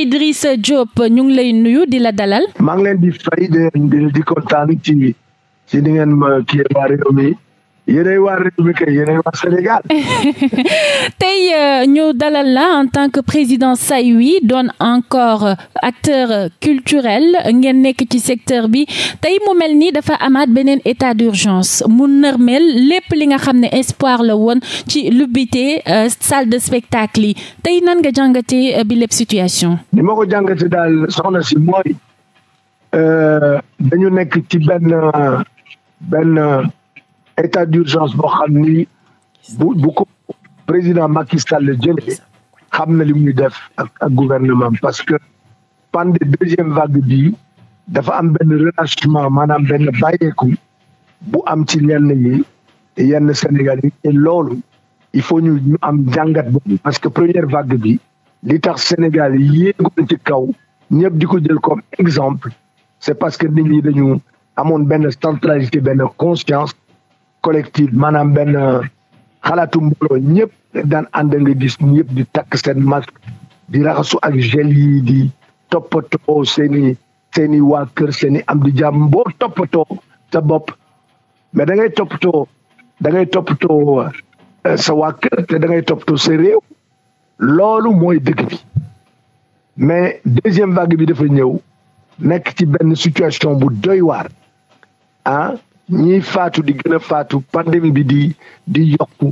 Idrissa Diop ñu ngi lay nuyu di la dalal. maa ngi leen di fay di kontaan ci ci ni ngeen ma kii waa réew mi yéenay waa réew mi kay yéenay waa tey euh, ñu dalal la en tant que président Saïwi doon encore acteur culturel ngeen nekk ci secteur bi tey mu mel ni dafa amaat beneen état d'urgence mu nërmeel lépp li nga xam ne espoir la woon ci lubbite euh, salle de spectacle yi tey nan nga jàngatee euh, bi lépp situation. ni ma ko jàngatee daal soxna si mooy dañu nekk ci benn. état d'urgence boo xam ni bu bu ko président Macky Sall jëlee xam na li muy def ak ak gouvernement parce que pendant deuxième vague bi dafa am benn relâchement maanaam benn bàyyeeku bu am ci ñenn yi yenn Sénégal yi et loolu il faut ñu ñu am jàngat boobu parce que première vague bi li tax Sénégal yéegoon ci kaw ñëpp di ko jël comme exemple c'est parce que nit ñi dañu amoon benn centralité benn conscience collective maanaam benn euh, xalaatu mbooloo ñëpp daan ànd nga gis di takk seen masque di raxasu ak gel yi di toppatoo seen i seen i waa kër seen i am di jàmm boo toppatoo sa bopp mais da ngay toppatoo da ngay toppatoo euh, sa waa kër te da ngay toppatoo sa réew loolu mooy dëgg bi mais deuxième vague bi dafa ñëw nekk ci benn situation bu doy waar ah, ñiy faatu di gën faatu pandémie bi di di yokku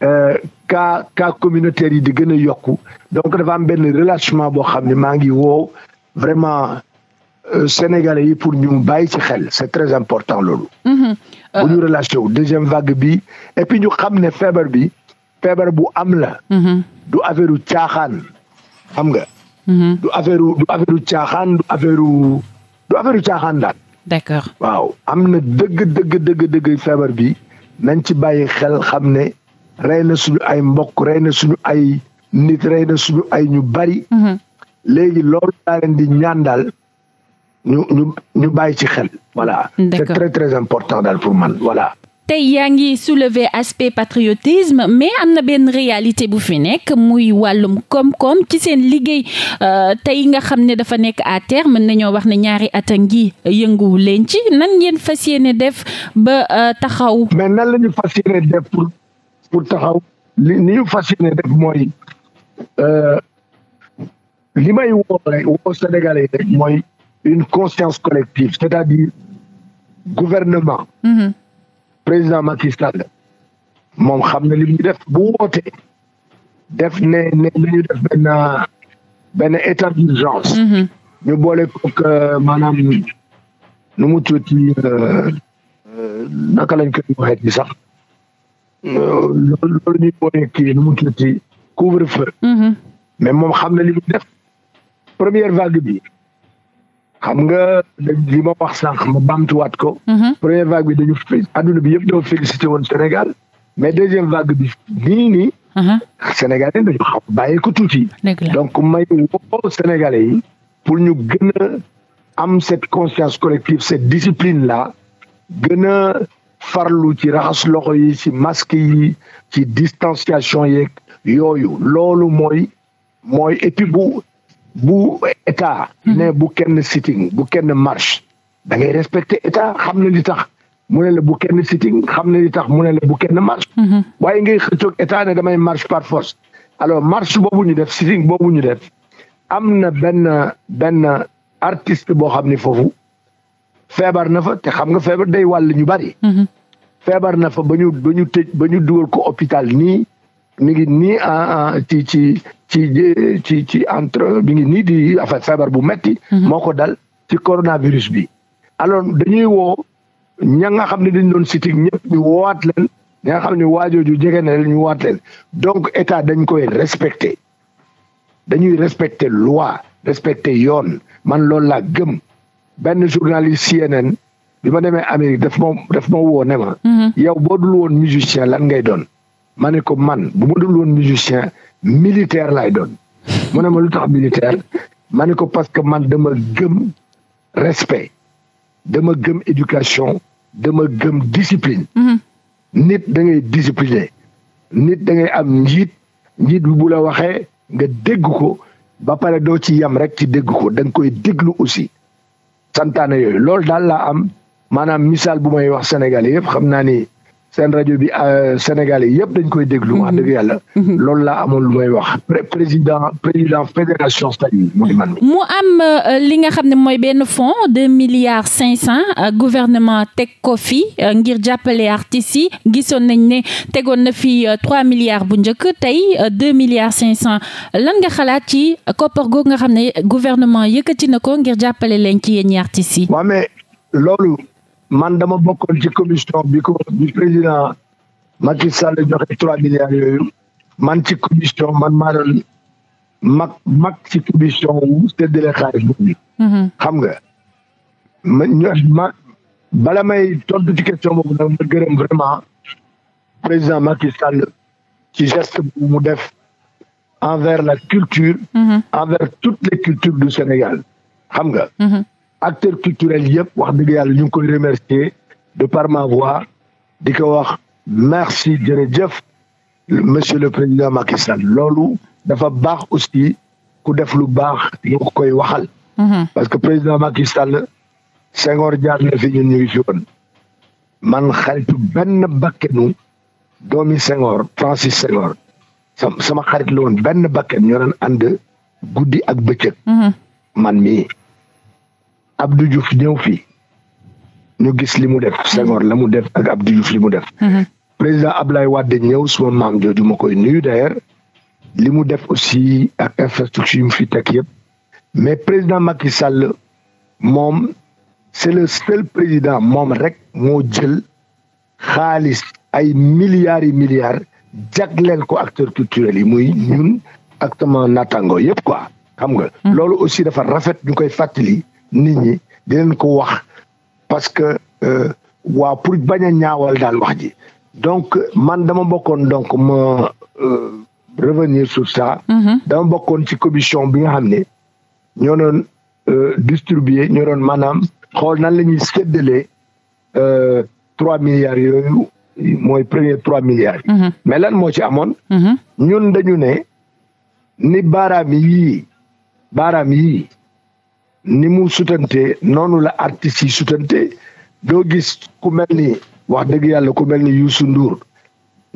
ka euh, cas communautaire yi di gën a yokku donc dafa am benn relâchement boo xam ne maa ngi woo vraiment euh, sénégalais yi pour ñu bàyyi ci xel c'est très important loolu. Mm-hmm. bu ñu euh, relâché wu deuxième vague bi et puis ñu xam ne feebar bi feebar bu am la. Mm-hmm. du affaire caaxaan xam nga. Mm-hmm. du affaire du affaire u caaxaan du affaire du caaxaan daal. d'accord waaw am na dëgg dëgg dëgg dëgg feebar bi nañ ci bàyyi xel xam ne rey na suñu ay mbokk rey na suñu ay nit rey na suñu ay ñu bari. Mhm. léegi loolu daa di ñaan daal ñu ñu ñu bàyyi ci xel. voilà c'est très très important daal pour man voilà. tey yaa ngi soulever aspect patriotisme mais am na benn réalité bu fi nekk muy wàllum koom-koom ci seen liggéey euh, tey nga xam ne dafa nekk à terme mën nañoo wax ne ñaari at a ngi yënguwu leen ci nan ngeen fas yéene def ba euh, taxaw. mais nan la ñu def pour pour taxaw li ni ñu fas mooy euh, li may woo mooy une conscience collective c'est-à-dire gouvernement. Mm-hmm. président Macky Sall moom xam na li ñu def bu woote def ne ne nañu def benn benn état d'urgence mm-hmm. ñu boole kook euh, maanaam nu mu tuuti euh, naka lañ koy waxee ci sax euh, loolu ñuy boole kii nu mu tuuti couvre feu mm-hmm. mais moom xam na li ñu def première vague xam nga li ma wax sànq ma bamtuwaat ko. Mhm. première vague bi dañu adduna bi yëpp dafa félicité woon Sénégal mais deuxième vague bi nii nii. Mhm. Sénégal yi dañu ko tuuti. donc may woo Sénégalais yi pour ñu gën a am cette conscience collective cette discipline la gën a farlu ci raxas loxo yi ci masque yi ci distanciation yeeg yooyu loolu mooy mooy et bu état. Hmm. ne bu kenn sitting bu kenn marche da ngay respecté état xam na li tax mu ne la bu kenn sitting xam na li tax mu ne la bu kenn marche. Hmm. waaye ngay xëccoog état ne damay marche par force alors marche boobu ñu def sitting boobu ñu def am na benn benn artiste boo xam ni foofu feebar na fa te xam nga feebar day wàll ñu bari. Hmm. feebar na fa ba ñu tëj ba ñu dugal ko hôpital nii. mi ngi nii ah, ah, ci ci ci ci ci entre mi ngi nii di afa sabar bu metti mhm. moo ko dal ci coronavirus bi alors dañuy woo ñan nga xam ne dañ doon sitik ñëpp ñu woowaat leen ña nga xam ne waajooju jege na leen ñu woowaat leen donc état dañ koy respecté dañuy respecté loi respecté yoon man loolu laa gëm benn journaliste CNN bi ma demee Amérique daf ma daf ma woo ne ma mhm. boo woon musicien lan ngay doon ma ne ko man bu ma dul woon musicien militaire laay doon mu ne ma lu tax militaire ma ne ko parce que man dama gëm respe dama gëm éducation dama gëm discipline mhm. nit da ngay nit da am njiit njiit bu la waxee nga dégg ko ba pare doo ci yam rek ci dégg ko da koy déglu aussi santaane yooyu loolu daal laa am maanaam misaal bu may wax Sénégal yëpp xam naa ni seen rajo bi euh, Sénégal yi yëpp dañ koy déglu. wax dëgg yàlla. Mm-hmm. loolu laa amoon lu may wax. président président fédération stade mooy man. mu am euh, li nga xam ne mooy benn fonds deux milliards cinq cent euh, gouvernement teg ko fi ngir jàppale artistes yi gisoon nañ ne tegoon na fi trois milliards bu njëkk tey deux milliards cinq cent lan nga xalaat ci koppar googu nga xam ne gouvernement yëkkati na ko ngir jàppale leen ci yéen ñi artistes yi. waaw loolu man dama bokk ci commission bi ko bi président Macky Sall joxe trois milliards yooyu man ci commission man maa doon mag mag ci commission wu séddale xaalis boobu mhm. xam nga ma bala may tontu ci question boobu nag ma gërëm vraiment président Macky Sall ci geste bu mu def envers la culture mhm. envers toutes les cultures du Sénégal xam nga mhm. acteur culturel yëpp wax dëgg yàlla ñu ngi koy remercier de par ma voix di ko wax merci jëf monsieur le président Macky Sall loolu dafa baax aussi ku def lu baax ñu koy waxal. Mhm. parce que président Macky Sall Senghor jaar na ñu ngi fi woon man xaritu benn bakkenu doomi Senghor Francis Senghor sama xarit la benn bakken ñoo doon ànd guddi ak bëccëg. Mhm. man mii. Abdou Diouf ñëw fii ñu gis li mu def Senghor la mu def ak Abdou Diouf li mu def. Mm-hmm. président Ablaye Wade ñëw suma maam jooju ma koy nuyu d'ailleurs li mu def aussi ak infrastructure yu mu fi teg yëpp mais président Macky Sall moom c'est le seul président moom rek moo jël xaalis ay milliards yi milliards jagleel ko acteurs culturels yi muy ñun ak sama naataango yëpp quoi xam nga. Mm-hmm. loolu aussi dafa rafet ñu koy fàttali. nit ñi di leen ko wax parce que euh, waa pour bañ a ñaawal daal wax ji donc man dama bokkoon donc ma euh, revenir sur ça. Mm-hmm. dama bokkoon ci commission bi nga xam ne ñoo doon euh, distribuer ñoo doon maanaam xool nan la ñuy séddalee trois milliards yooyu mooy premier trois milliards yi. Mm-hmm. lan moo ci amoon. Mm-hmm. ñun dañu ni baaraam yii baaraam yii. ni mu sutante noonu la artistes yi sutante doo gis ku mel ni wax dëgg yàlla ku mel ni Youssou Ndour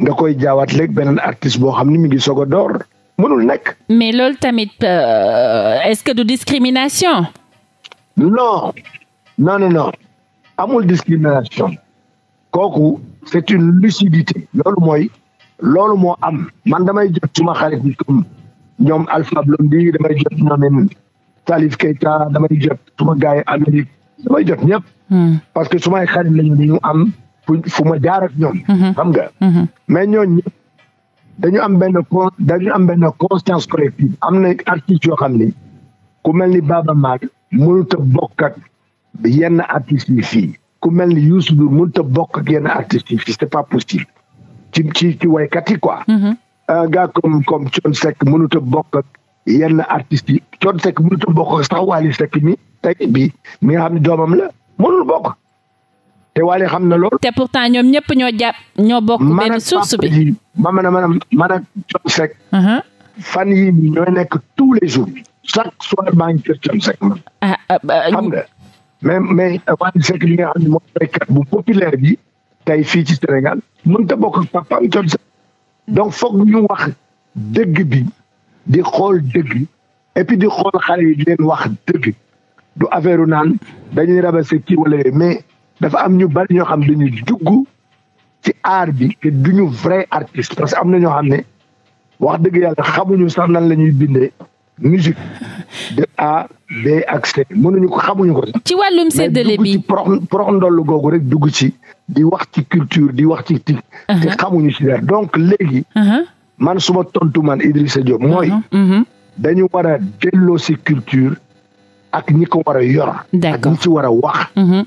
nga koy jaawaat léeg beneen artiste boo xam ni mu ngi soog door mënul nekk. mais loolu tamit euh, est-ce que du discrimination. non non non non amul discrimination kooku c'est une lucidité loolu mooy loolu moo am man damay jot suma xarit yi comme ñoom Alpha Blondy damay jot ñoom Salif Keita damay jot suma gars yi Amérique damay jot ñëpp. Hmm. parce que sumay xarit lañu dañu am fu ma jaar ak ñoom. Hmm. xam nga. Hmm. mais ñooñu ñëpp dañu am benn con dañu am benn conscience collective am na artistes yoo xam ni ku mel ni Baba Maal mënut a bokk ak yenn artistes yi fii ku mel ni Youssou Ndour mënut a bokk ak yenn artistes yi fii c'est pas possible ci ci ci waykat yi quoi. un euh, gars comme comme Thione Seck mënut a bokk ak. yenn artistes yi Thione Seck mënutul bokk sax Wally Seck mi tey bi mi nga xam ne doomam la mënul bokk te Wally xam na lool te pourtant ñoom ñëpp ñoo jàpp ñoo bokk benn source bi man ak man man ak Thione uh-huh. fan yi ñooy nekk tous les jours chaque soir maa ngi kër Thione Seck man. Ah, ah, ah, xam nga mais mais Wally Seck bi nga xam ne moom béykat bu populaire bi tey fii ci Sénégal mënut a bokk ak papaam Thione Seck donc foog ñu wax dëgg bi. di xool dëgg et puis di xool xale yi di leen wax dëgg du affaire naan dañuy rabase kii wala mais dafa am ñu bari ñoo xam dañu dugg ci aar bi te duñu vrai artiste parce que am na ñoo xam ne wax dëgg yàlla xamuñu sax nan la ñuy bindee musique de A B ak C mënuñu ko xamuñu ko. ci wàllum séddale bi prox prox googu rek dugg ci di wax ci culture di wax ci tic. te uh-huh. xamuñu ci dara donc léegi. Uh-huh. man suma tontu man Idrissa Diop mooy mhm, mhm. dañu war a delloo si culture ak ñi ko war ak ñi ci war a mhm.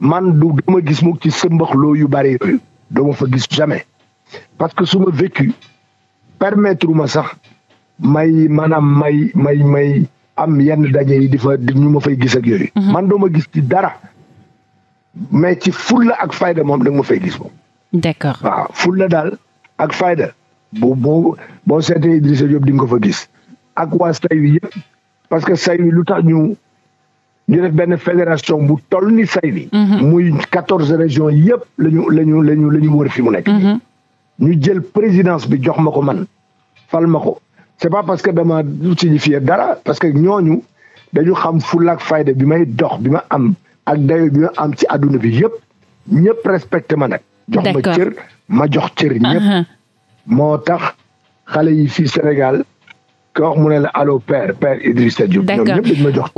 man du dama gis mu ci sëmbax yu bari yooyu dama fa gis jamais parce que suma vécu permettre ma sax may maanaam may may may am yenn daje yi di fa ñu ma fay gis ak yooyu man doo ma gis ci dara mais ci fulla ak fayda moom da ma fa gis moom d'accord waaw fulla daal ak fayda bu bu boo seetee Idrissa yëpp di nga ko fa gis ak waa Saywi yëpp parce que Saywi lu tax ñu ñu def benn fédération bu toll ni Saywi mhm. muy quatorze régions yëpp la ñu la ñu la ñu la ñu wër fi mu nekk mhm. ñu jël présidence bi jox ma ko man fal ma ko c'est pas parce que dama signifier dara parce que ñooñu dañu xam fulla ak fayda bi may dox bi ma am ak dayo bi ma am ci àdduna bi yëpp ñëpp respecté ma nag jox ma cër ma jox cër ñëpp uh-huh. moo tax xale yi fi Sénégal ko wax mu ne la allo père père Idrissa Diop. d' accord ñoom ñëpp dañu ma jox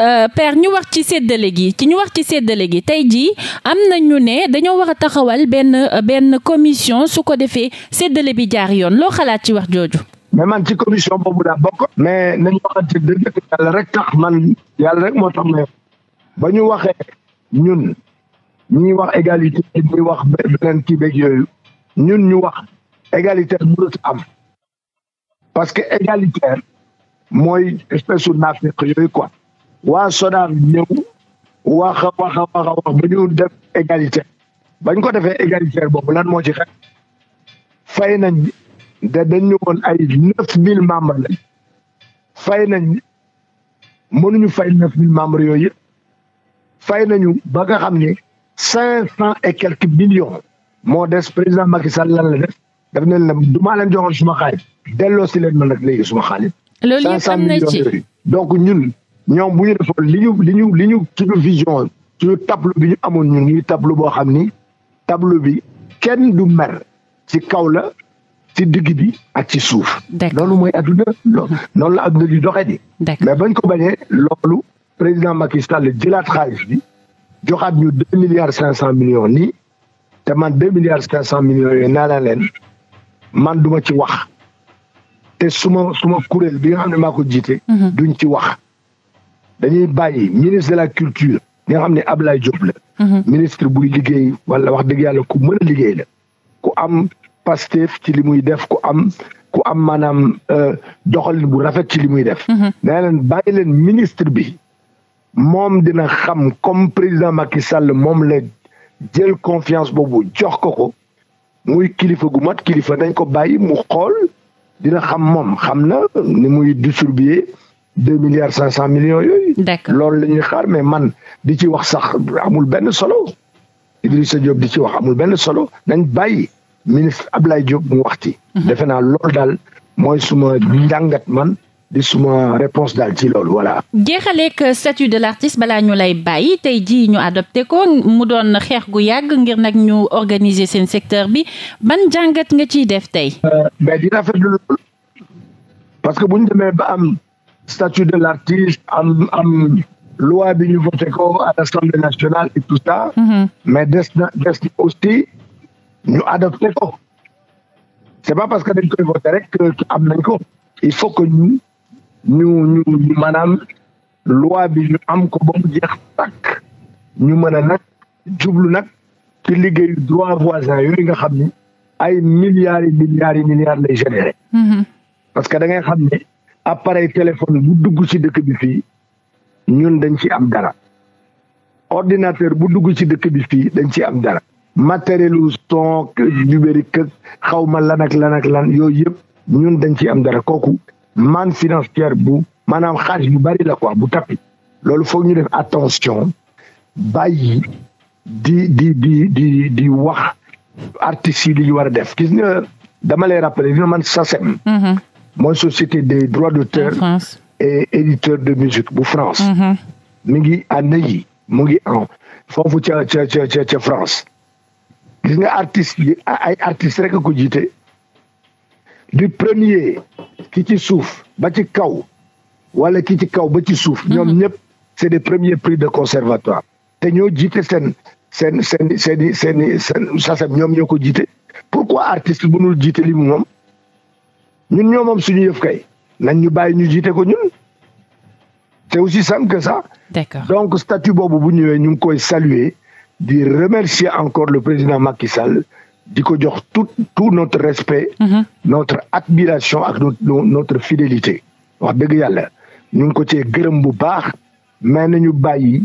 euh, ñu wax ci séddale gi ci ñu wax ci séddale gi tey jii am na ñu ne dañoo war a taxawal benn euh, benn commission su ko defee séddale bi jaar yoon loo xalaat ci wax jooju. mais man ci commission boobu daa bokk. mais nañu waxante dëgg yàlla rek tax man yàlla rek moo tax mais ba ñu waxee ñun ñuy wax égalité ñuy wax beneen kii beeg yooyu ñun ñu wax. égalitaire mënut am parce que égalitaire mooy espèce u yooyu quoi waa sodar ñëw wax a wax wax a def égalitaire bañ ko defee égalitaire boobu lan moo ci xew fay nañ de dañ ñu woon ay neuf mille membres lañ fay nañ mënuñu fay neuf mille membres yooyu fay nañu ba nga xam ni cinq cent et quelques millions moo des président Macky Sall lan la def daf ne la du maa leen joxoon suma xaalis delloo si leen ma nag léegi suma xaalis. loolu yëpp xam na ci donc ñun ñoom bu ñu defoon li ñu li ñu li ñu suñu vision tableau bi ñu amoon ñun ñuy tableau boo xam ni tableau bi kenn du mer ci kaw la ci digg bi ak ci suuf. loolu mooy adduna loolu la adduna di doxee di. mais bañ ko bañee loolu président Macky Sall jëlaat xaalis bi joxaat ñu deux milliards cinq cent millions nii te man deux milliards cinq cent millions yooyu naa leen man duma ci wax te suma suma kuréel bi nga xam ne maa ko jiite mhm. duñ ci wax dañuy bàyyi ministre de la culture ñi nga xam ne Ablaye Diop mhm. ministre buy liggéey wala wax dëgg yàlla ku mën a liggéey la ku am Pastef ci li muy def ku am ku am maanaam euh, doxalin bu rafet ci li muy def mhm. nee leen ministre bi moom dina xam comme président Macky Sall moom la jël confiance boobu jox ko ko muy kilifa gu mat kilifa nañ ko bàyyi mu xool dina xam moom xam na ni muy distribuer deux milliards cinq cent millions yooyu. ndekk loolu lañuy xaar mais man di ci wax sax amul benn solo Idrissa Diop di ci wax amul benn solo nañ bàyyi ministre ab Ablaye jóg mu wax ci. Mhm. defe naa loolu daal mooy suma njàngat man. di suma réponse daal ci loolu voilà. jeexaleeg statut de l'artiste balaa ñu lay bàyyi tey jii ñu adopté ko mu doon xeex gu yàgg ngir nag ñu organiser seen secteur bi ban jàngat nga ciy def tey. Euh, mais di rafetlu loolu parce que bu ñu demee ba am statut de l'artiste am am. loi bi ñu voté ko à l'Assemblée nationale et tout ça. Mm-hmm. mais des na des na aussi ñu adopté ko. c'est pas parce que dañ koy voté ko. il faut que ñu ñu ñu maanaam loi bi ñu am ko ba mu jeex tàkk ñu mën a nag jublu nag ci liggéeyu droit voisin yooyu nga xam ni ay milliards yi milliards yi milliards lay généré. Mm-hmm. parce que da ngay xam ne appareil téléphone bu dugg ci dëkk bi fii ñun dañ ci am dara ordinateur bu dugg ci dëkk bi fii dañ ci am dara matériel u son numérique xaw ma lan ak lan ak lan yooyu yëpp ñun dañ ci am dara kooku manne financière bu maanaam xaalis bu bari la quoi bu tappi loolu foog ñu def attention bàyyi di di di di di wax artistes yi li war a def gis nga dama lay rappeler dina man SACEM mm-hmm. mooy société des droits d'auteur et éditeur de musique bu France mm-hmm. mi ngi à Neuilly mu ngi en foofu ca ca ca France gis nga artistes ay artistes rek ko jiite du premier ki ci suuf ba ci kaw wala ki ci kaw ba ci suuf mhm. ñoom ñëpp c'est des premiers prix de conservatoire te ñoo jiite seen seen seen seen seen seen sasem ñoom ñoo ko jiite pourquoi artiste bu nul jiite li mu moom ñun ñoo moom suñu yëf kay nañ ñu bàyyi ñu jiite ko ñun c'est aussi simple que ça d'accord donc statut boobu bu ñëwee ñu ngi koy saluer di remercier encore le président Macky Sall di ko jox tout tout notre respect mhm. notre admiration ak notre fidélité wax dëgg yàlla ñu ngi ko ce gërëm bu baax mais nañu bàyyi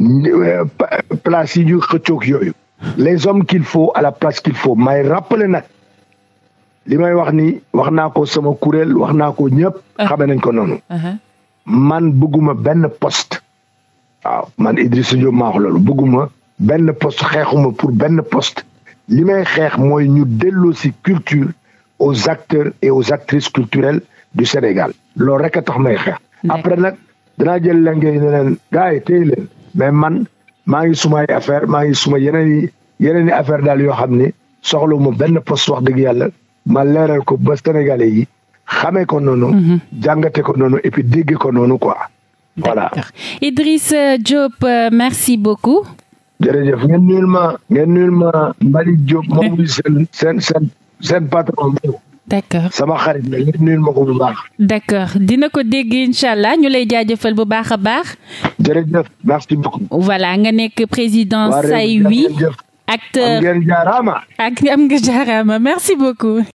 euh, place yi ñu xëccoog yooyu les hommes qu'il faut à la place qu'il faut may rappeler nag li may wax ni wax naa ko sama kuréel wax naa ko ñëpp ah. xame nañ ko noonu uh-huh. man bëgguma benn poste waaw man Idrissa Diop maa loolu bëgguma benn poste xeexuma pour benn poste li may xeex mooy ñu dellu si culture aux acteurs et aux actrices culturelles du Sénégal loolu rek a tax may xeex. après nag danaa jël la ngeen ne leen gars yi téye leen mais man maa ngi suma affaire maa ngi suma yeneen i yeneen i affaire daal yoo xam ne soxla mu benn post wax dëgg yàlla ma leeral ko ba Sénégalais yi xamee ko noonu. Mhm. jàngate ko noonu et puis ko noonu quoi. voilà Idriss euh, Diop euh, merci beaucoup. jërëjëf ngeen nuyul ma ngeen nuyul ma Malick Diop moom muy seen seen seen seen patron d'accord sama xarit la ngeen nuyul ma ko bu baax. d'accord dina ko dégg incha allah ñu lay jaajëfal bu baax a baax. jërëjëf merci beaucoup. voilà nga nekk président jaaraama. ak am jaaraama merci beaucoup.